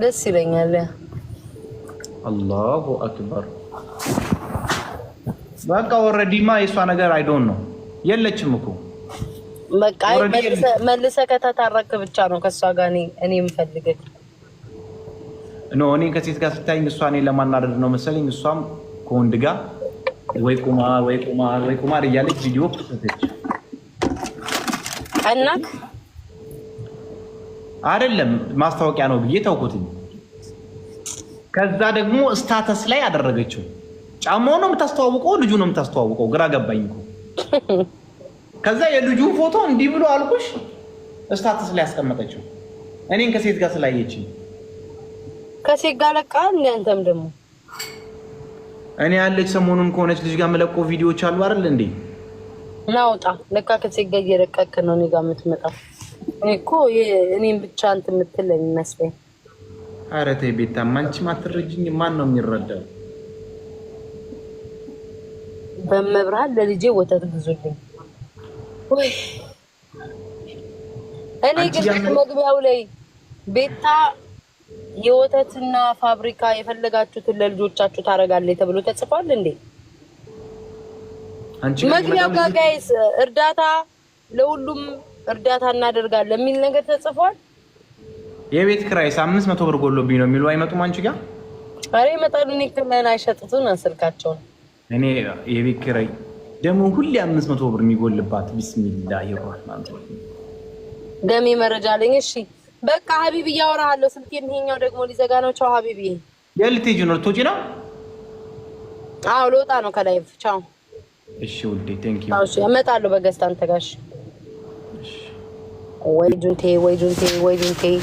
ደስ ይለኛል። አላሁ አክበር። በቃ ኦልሬዲማ የእሷ ነገር አይዶን ነው የለችም እኮ በቃ መልሰ ከተታረክ ብቻ ነው ከእሷ ጋር እኔ የምፈልግህ። ኖ እኔ ከሴት ጋር ስታይኝ እሷ እኔ ለማናደድ ነው መሰለኝ። እሷም ከወንድ ጋር ወይ ቁማር ወይ ቁማር ወይ ቁማር እያለች ቪዲዮ ከተተች ቀናክ አይደለም ማስታወቂያ ነው ብዬ ተውኩትኝ። ከዛ ደግሞ ስታተስ ላይ አደረገችው። ጫማው ነው የምታስተዋውቀው፣ ልጁ ነው የምታስተዋውቀው። ግራ ገባኝ እኮ። ከዛ የልጁ ፎቶ እንዲህ ብሎ አልኩሽ ስታተስ ላይ ያስቀመጠችው። እኔን ከሴት ጋር ስላየችኝ ከሴት ጋር ለቃ እናንተም ደግሞ እኔ ያለች ሰሞኑን ከሆነች ልጅ ጋር መለቆ ቪዲዮዎች አሉ አይደል እንዴ? ናውጣ ለካ ከሴት ጋር እየለቀክ ነው እኔ ጋር የምትመጣው እኮ እኔም ብቻ እንትን የምትለኝ ይመስለኝ ኧረ ተይ ቤታ፣ አንቺም አትረጅኝ። ማን ነው የሚረዳው? በመብርሃን ለልጄ ወተት ግዙልኝ። እኔ ግን መግቢያው ላይ ቤታ የወተትና ፋብሪካ የፈለጋችሁትን ለልጆቻችሁ ታደርጋለች ተብሎ ተጽፏል እንዴ? መግቢያው ጋጋይስ እርዳታ ለሁሉም እርዳታ እናደርጋለን የሚል ነገር ተጽፏል። የቤት ክራይስ አምስት መቶ ብር ጎሎብኝ ነው የሚሉ አይመጡም። አንቺ ጋር ኧረ ይመጣሉ። ኔክትለን አይሸጡትን ስልካቸውን እኔ የቤት ክራይ ደግሞ ሁሌ አምስት መቶ ብር የሚጎልባት ቢስሚላ ይሯል ማለት ነው። ደሜ መረጃ አለኝ። እሺ በቃ ሀቢብ እያወራሃለሁ። ስልክ የሚሄኛው ደግሞ ሊዘጋ ነው። ቻው ሀቢብ። ይሄ ነው ልትወጪ ነው? አዎ ልወጣ ነው ከላይ። ቻው። እሺ ውዴ ቴንክ ዩ። እመጣለሁ በገዝታ አንተ ጋሽ વૈજુંથી વૈજુંથી વૈજુંથી